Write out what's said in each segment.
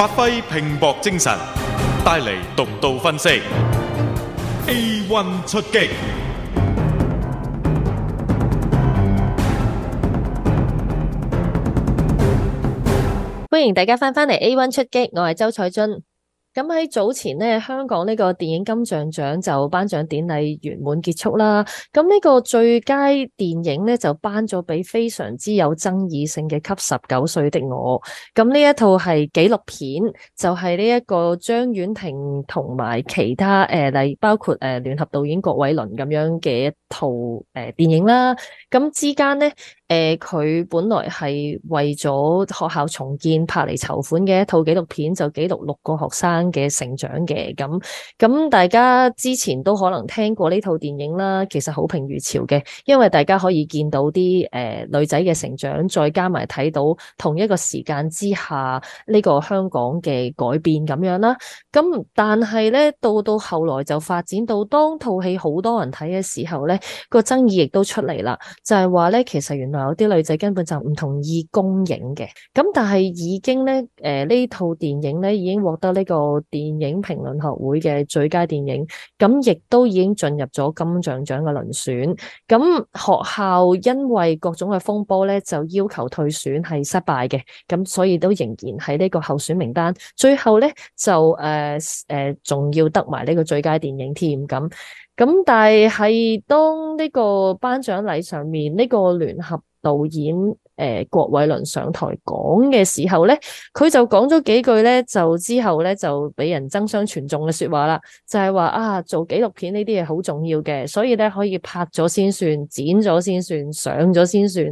發揮拼搏精神，帶嚟獨到分析。A one 出擊，歡迎大家翻返嚟，A one 出擊，我係周彩津。咁喺早前呢，香港呢個電影金像獎就頒獎典禮圓滿結束啦。咁呢個最佳電影呢，就頒咗俾非常之有爭議性嘅《給十九歲的我》。咁呢一套係紀錄片，就係呢一個張婉婷同埋其他呃包括誒聯合導演郭偉倫咁樣嘅。套誒電影啦，咁之間咧，誒、呃、佢本來係為咗學校重建拍嚟籌款嘅一套紀錄片，就記錄六個學生嘅成長嘅。咁咁大家之前都可能聽過呢套電影啦，其實好評如潮嘅，因為大家可以見到啲誒、呃、女仔嘅成長，再加埋睇到同一個時間之下呢、這個香港嘅改變咁樣啦，咁但係咧到到後來就發展到當套戲好多人睇嘅時候咧。個爭議亦都出嚟啦，就係話咧，其實原來有啲女仔根本就唔同意公映嘅，咁但係已經咧，誒、呃、呢套電影咧已經獲得呢個電影評論學會嘅最佳電影，咁亦都已經進入咗金像獎嘅輪選，咁學校因為各種嘅風波咧，就要求退選係失敗嘅，咁所以都仍然喺呢個候選名單，最後咧就誒誒仲要得埋呢個最佳電影添咁。咁但係當呢個頒獎禮上面呢個聯合導演誒、呃、郭偉倫上台講嘅時候呢，佢就講咗幾句呢就之後呢，就俾人爭相傳頌嘅說話啦，就係、是、話啊做紀錄片呢啲嘢好重要嘅，所以呢可以拍咗先算，剪咗先算，上咗先算。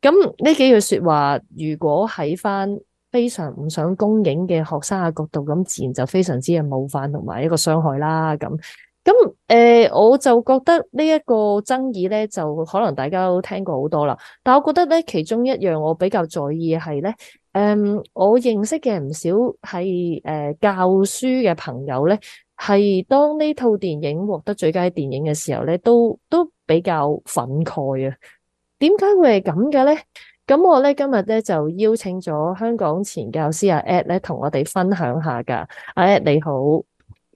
咁呢幾句說話，如果喺翻非常唔想公映嘅學生嘅角度，咁自然就非常之係冒犯同埋一個傷害啦。咁咁。誒、呃，我就覺得呢一個爭議咧，就可能大家都聽過好多啦。但我覺得咧，其中一樣我比較在意嘅係咧，誒、嗯，我認識嘅唔少係誒、呃、教書嘅朋友咧，係當呢套電影獲得最佳電影嘅時候咧，都都比較憤慨啊！點解會係咁嘅咧？咁我咧今日咧就邀請咗香港前教師阿 Ed 咧，同我哋分享一下噶。阿 Ed 你好。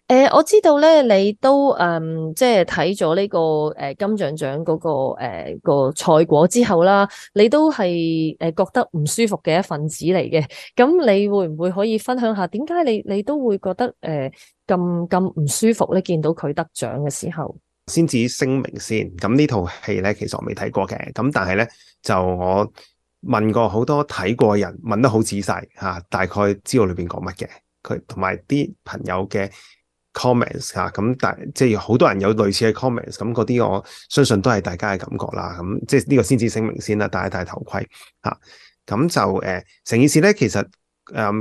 誒，我知道咧，你都誒、嗯，即係睇咗呢個誒、呃、金像獎嗰、那個誒、呃、個賽果之後啦，你都係誒覺得唔舒服嘅一份子嚟嘅。咁你會唔會可以分享下，點解你你都會覺得誒咁咁唔舒服咧？見到佢得獎嘅時候，先至聲明先。咁呢套戲咧，其實我未睇過嘅。咁但係咧，就我問過好多睇過人，問得好仔細吓、啊，大概知道裏邊講乜嘅。佢同埋啲朋友嘅。comments 嚇咁大，即係好多人有類似嘅 comments，咁嗰啲我相信都係大家嘅感覺啦。咁即係呢個先至聲明先啦，戴一戴頭盔嚇。咁、啊、就誒，成、呃、件事咧，其實誒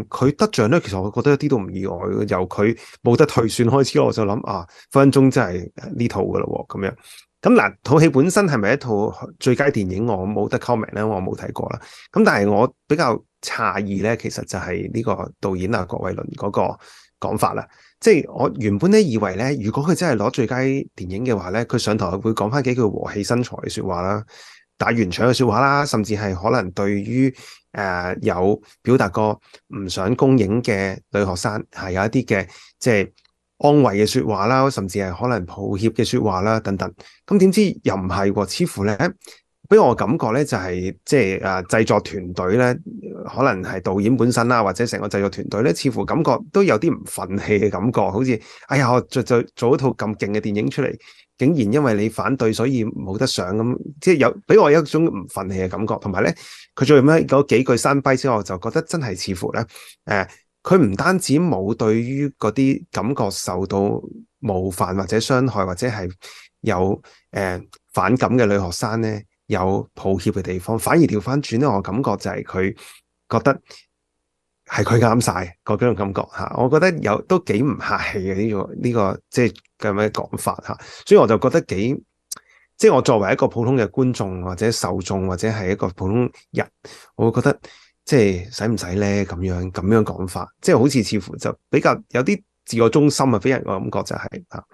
佢、嗯、得獎咧，其實我覺得一啲都唔意外，由佢冇得退選開始，我就諗啊，分分鐘真係呢套嘅咯咁樣。咁、啊、嗱，套戲本身係咪一套最佳電影？我冇得 comment 咧，我冇睇過啦。咁、啊、但係我比較詫異咧，其實就係呢個導演啊，郭偉倫嗰、那個。講法啦，即係我原本咧以為咧，如果佢真係攞最佳電影嘅話咧，佢上台會講翻幾句和氣生財嘅說話啦，打圓場嘅說話啦，甚至係可能對於誒、呃、有表達過唔想公映嘅女學生係有一啲嘅即係安慰嘅說話啦，甚至係可能抱歉嘅說話啦等等。咁點知又唔係喎，似乎咧。俾我感覺咧、就是，就係即係啊，製作團隊咧，可能係導演本身啦，或者成個製作團隊咧，似乎感覺都有啲唔憤氣嘅感覺，好似哎呀，我就做做一套咁勁嘅電影出嚟，竟然因為你反對，所以冇得上咁，即係有俾我一種唔憤氣嘅感覺。同埋咧，佢最尾嗰幾句生啤之後，我就覺得真係似乎咧，誒、呃，佢唔單止冇對於嗰啲感覺受到冒犯或者傷害或者係有誒、呃、反感嘅女學生咧。有抱歉嘅地方，反而調翻轉咧，我感覺就係佢覺得係佢啱晒，嗰種感覺吓。我覺得有都幾唔客氣嘅呢個呢個，即係咁樣講法吓。所以我就覺得幾即係我作為一個普通嘅觀眾或者受眾或者係一個普通人，我會覺得即係使唔使咧咁樣咁樣講法，即係好似似乎就比較有啲自我中心啊，俾人個感覺就係吓。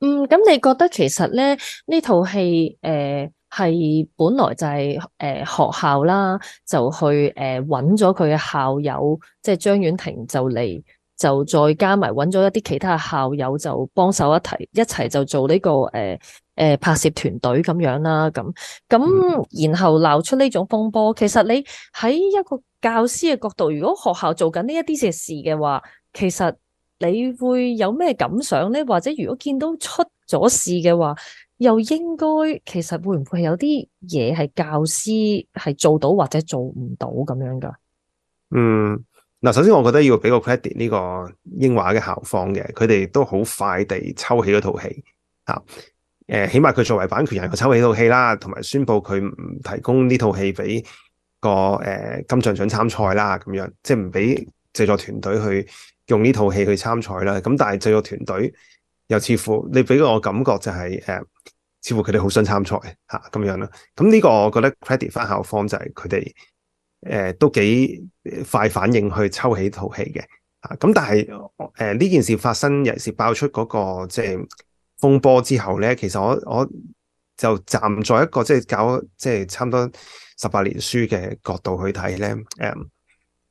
嗯，咁你覺得其實咧呢套戲誒？係本來就係、是、誒、呃、學校啦，就去誒揾咗佢嘅校友，即係張婉婷就嚟就再加埋揾咗一啲其他校友就幫手一齊一齊就做呢、這個誒誒、呃呃、拍攝團隊咁樣啦，咁咁然後鬧出呢種風波。其實你喺一個教師嘅角度，如果學校做緊呢一啲嘅事嘅話，其實你會有咩感想咧？或者如果見到出咗事嘅話？又應該其實會唔會有啲嘢係教師係做到或者做唔到咁樣噶？嗯，嗱，首先我覺得要俾個 credit 呢個英華嘅校方嘅，佢哋都好快地抽起咗套戲啊。誒，起碼佢作為版權人，佢抽起套戲啦，同埋宣布佢唔提供呢套戲俾個誒金像獎參賽啦咁樣，即係唔俾製作團隊去用呢套戲去參賽啦。咁但係製作團隊。又似乎你俾我感覺就係、是、誒、呃，似乎佢哋好想參賽嚇咁、啊、樣咯。咁呢個我覺得 credit 返校方就係佢哋誒都幾快反應去抽起套戲嘅嚇。咁、啊、但係誒呢件事發生，尤其是爆出嗰、那個即係、就是、風波之後咧，其實我我就站在一個即係、就是、搞即係、就是就是、差唔多十八年書嘅角度去睇咧誒，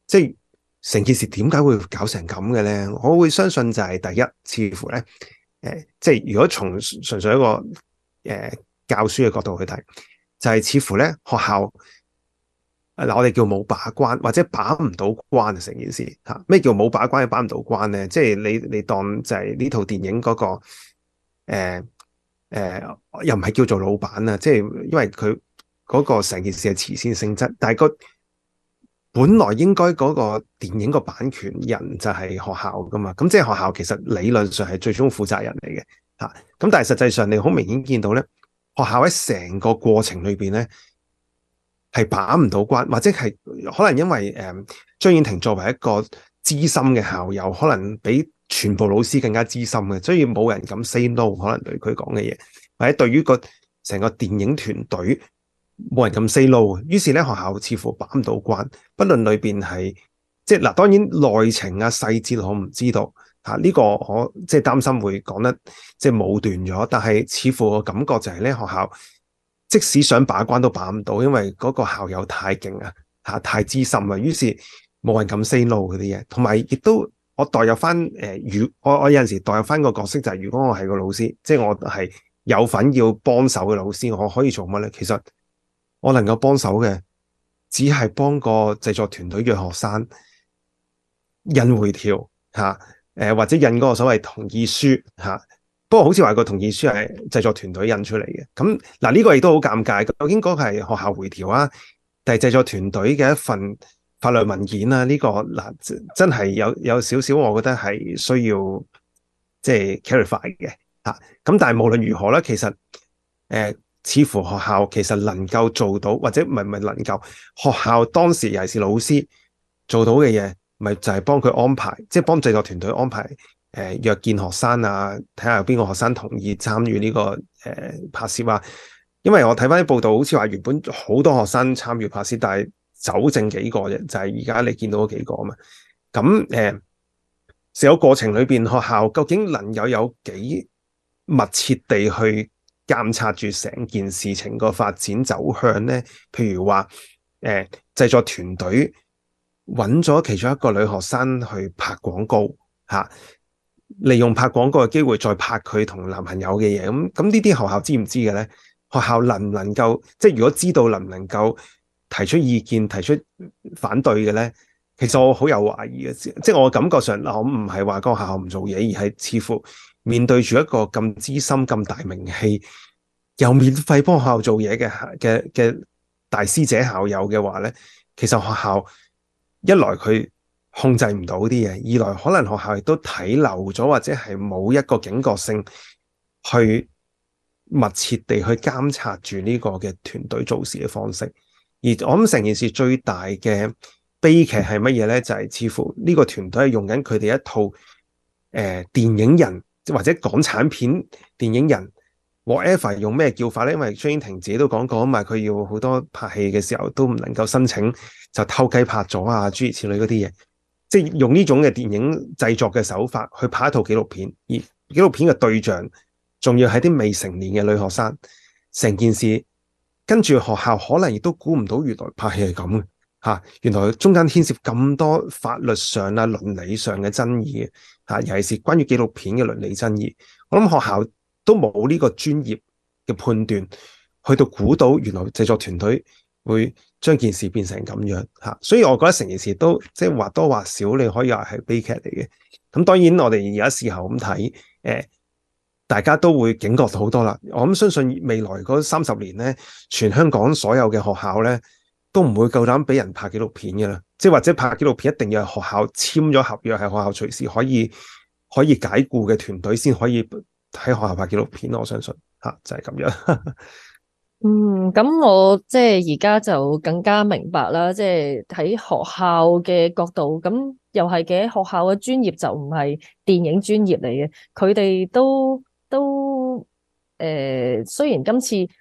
即係成件事點解會搞成咁嘅咧？我會相信就係第一，似乎咧。誒、呃，即係如果從純粹一個誒、呃、教書嘅角度去睇，就係、是、似乎咧學校嗱、呃，我哋叫冇把關或者把唔到關成件事吓。咩叫冇把關，又把唔到關咧？即係你你當就係呢套電影嗰、那個誒誒、呃呃，又唔係叫做老闆啊？即係因為佢嗰個成件事係慈善性質，但係、那個。本來應該嗰個電影個版權人就係學校㗎嘛，咁即係學校其實理論上係最終負責人嚟嘅嚇。咁但係實際上你好明顯見到咧，學校喺成個過程裏邊咧係把唔到關，或者係可能因為誒張婉婷作為一個資深嘅校友，可能比全部老師更加資深嘅，所以冇人敢 say no。可能對佢講嘅嘢，或者對於個成個電影團隊。冇人敢 say no 於是咧，學校似乎把唔到關，不論裏面係即係嗱，當然內情啊細節我唔知道嚇，呢、這個我即係擔心會講得即係武斷咗。但係似乎我感覺就係咧，學校即使想把關都把唔到，因為嗰個校友太勁啊太資深啊，於是冇人敢 say no 嗰啲嘢。同埋亦都我代入翻如、呃、我我有陣時代入翻個角色就係、是，如果我係個老師，即我係有份要幫手嘅老師，我可以做乜咧？其實我能夠幫手嘅，只係幫個製作團隊嘅學生印回條嚇，誒或者印嗰個所謂同意書嚇。不過好似話個同意書係製作團隊印出嚟嘅，咁嗱呢個亦都好尷尬。究竟嗰個係學校回條啊，定係製作團隊嘅一份法律文件啊？呢、呢個嗱、啊、真係有有少少，我覺得係需要即係 clarify 嘅嚇。咁、啊、但係無論如何咧，其實誒。呃似乎學校其實能夠做到，或者唔係唔係能夠學校當時尤其是老師做到嘅嘢，咪就係、是、幫佢安排，即、就、係、是、幫製作團隊安排誒約、呃、見學生啊，睇下有邊個學生同意參與呢、這個誒、呃、拍攝啊。因為我睇翻啲報道，好似話原本好多學生參與拍攝，但係走剩幾個啫，就係而家你見到嗰幾個啊嘛。咁、嗯、誒、成、呃、個過程裏邊，學校究竟能夠有幾密切地去？監察住成件事情個發展走向咧，譬如話，誒、呃、製作團隊揾咗其中一個女學生去拍廣告，啊、利用拍廣告嘅機會再拍佢同男朋友嘅嘢，咁咁呢啲學校知唔知嘅咧？學校能唔能夠，即係如果知道能唔能夠提出意見，提出反對嘅咧？其實我好有懷疑嘅，即係我感覺上嗱，我唔係話嗰個學校唔做嘢，而係似乎。面對住一個咁資深、咁大名氣，又免費幫學校做嘢嘅嘅嘅大師姐校友嘅話咧，其實學校一來佢控制唔到啲嘢，二來可能學校亦都睇漏咗或者係冇一個警覺性去密切地去監察住呢個嘅團隊做事嘅方式。而我諗成件事最大嘅悲劇係乜嘢咧？就係、是、似乎呢個團隊係用緊佢哋一套誒、呃、電影人。或者港產片電影人 whatever 用咩叫法咧？因為張婉婷自己都講過啊嘛，佢要好多拍戲嘅時候都唔能夠申請，就偷雞拍咗啊，諸如此類嗰啲嘢，即係用呢種嘅電影製作嘅手法去拍一套紀錄片，而紀錄片嘅對象仲要係啲未成年嘅女學生，成件事跟住學校可能亦都估唔到原來拍戲係咁嘅嚇，原來中間牽涉咁多法律上啊倫理上嘅爭議。啊，尤其是關於紀錄片嘅倫理爭議，我諗學校都冇呢個專業嘅判斷，去到估到原來製作團隊會將件事變成咁樣嚇，所以我覺得成件事都即係或多或少你可以話係悲劇嚟嘅。咁當然我哋而家時候咁睇，誒，大家都會警覺好多啦。我諗相信未來嗰三十年咧，全香港所有嘅學校咧，都唔會夠膽俾人拍紀錄片嘅啦。即係或者拍紀錄片一定要係學校簽咗合約，係學校隨時可以可以解雇嘅團隊先可以喺學校拍紀錄片咯。我相信嚇、啊、就係、是、咁樣。 嗯，咁我即係而家就更加明白啦。即係喺學校嘅角度，咁又係嘅學校嘅專業就唔係電影專業嚟嘅。佢哋都都誒、呃，雖然今次。